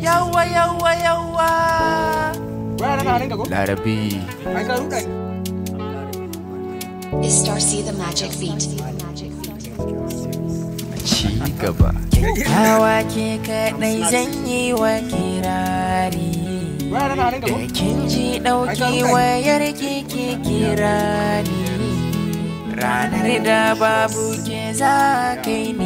Yawa yawa yawa. Larabi. Is Darcy the magic feet? Ci gaba. Kyakkyawa ke kaɗai zan yi wa kirari. Da kin ji ɗauki wayar keke kirari ranar da babu ke za kai.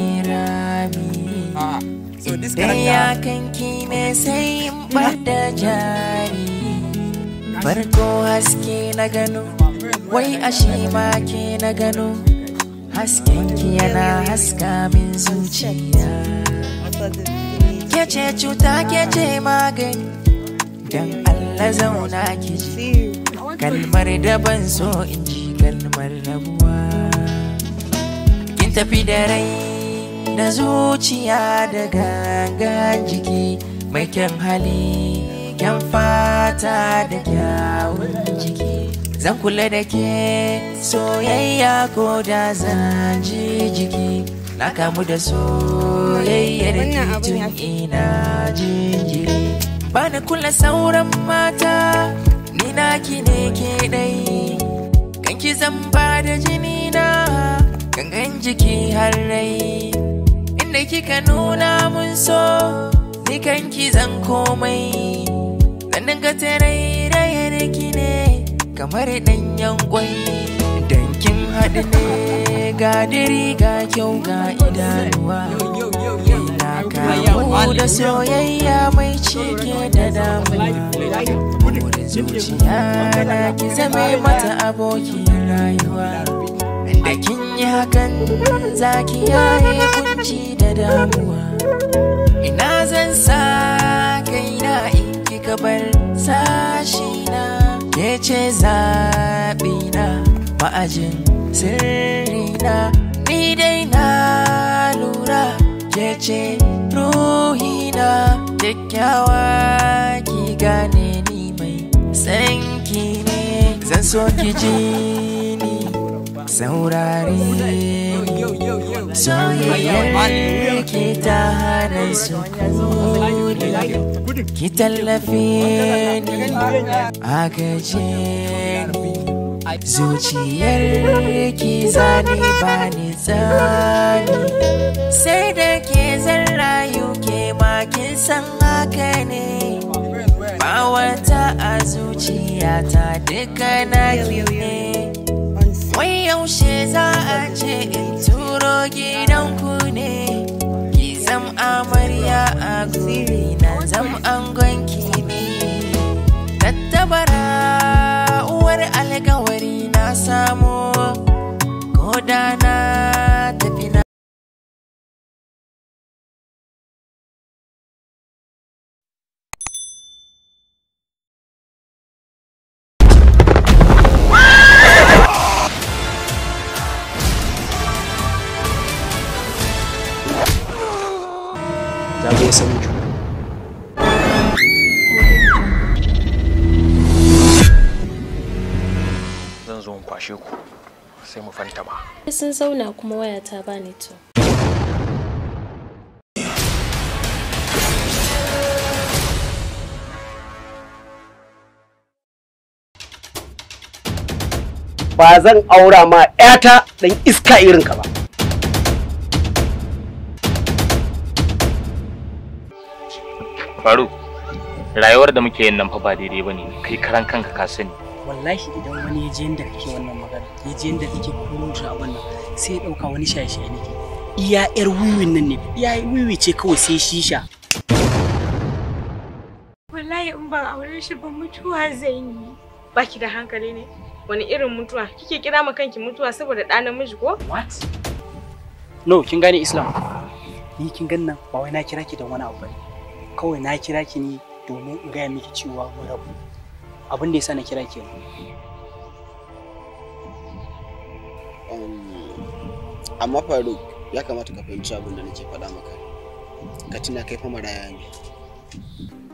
sai ya kanki ne sai in bada jari Farko haske na gano Wai ashe ma ke na gano Haskenki yana haska min zuciya Kece cuta kece magani Dan Allah zauna ki ji Kalmar da ban so in ji kalmar rabuwa Kin tafi da rai da zuciya da gangan jiki mai kyan hali kyan fata da kyawun jiki zan kula da ke soyayya ko da zan ji jiki na kamu da soyayya da tun ina jinjiri ba na kula sauran mata ni ki ne ke ɗai kanki zan ba da jini na gangan jiki har rai da kika nuna mun so dukan ki zan komai dan dinga tarayya da ki ne kamar danyen kwai dan kin haɗu ne ga diri ga kyau ga idanuwa ina kawo da soyayya mai cike da damuwa wurin zuciya na ki zame mata abokin rayuwa da kin yi hakan zaki yaye kunci damuwa ina zan sa kaina in kika kabar sashi na ke ce zaɓina ma'ajin sirri na ni dai na lura ke ce ruhina. na kyakkyawa ki gane ni mai tsanki ne zan so ki ji ni saurare soyayyar mai sukuni ki ni a ni zuciyar ki zani ba ni zani sai da ke zan rayu ke ma san haka ne ba wata a zuciyata duka na ne wai yaushe za a ce in turo gidanku ne Makfiri na zam angonki ne Tattabara uwar wari na samo Koda na zo san mutu zan zo in kwashe ku sai mu fanta ba sun zauna kuma waya ta ba ni to ba zan aura ma 'yata dan iska irin ka ba faru rayuwar da muke yin nan fa ba daidai bane kai karan kanka ka sani wallahi idan wani ya je inda kake wannan magana ya je inda kake kurutu abin nan, sai ya dauka wani shaye-shaye ne iya yar wiwin nan ne iya wiwi ce kawai sai shisha wallahi in ban aure shi ba mutuwa zan yi baki da hankali ne wani irin mutuwa kike kira ma kanki mutuwa saboda ɗa namiji ko what no kin gane islam ni kin gannan ba wai na kira ki don wani abu ba kawai na kira ki ne domin in gaya miki cewa mu rabu abin da yasa na kira ki amma faruk ya kamata ka fahimci abin da nake faɗa maka ka tuna kai fa maraya ne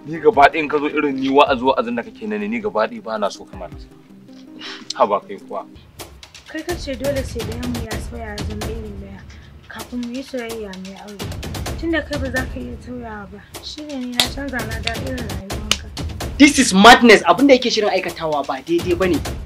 ni gaba ɗin ka zo irin ni wa'azi wa'azin da kake nani ni gaba ɗin ba na so kamar ha ba kai kuwa kai ka ce dole sai da mu ya tsaya zama irin daya kafin mu yi soyayya mai aure Tunda kai ba za ka iya juyawa ba, shi ne ni na canza na da irin rayuwanka. This is madness abinda yake shirin aikatawa ba daidai ba ne.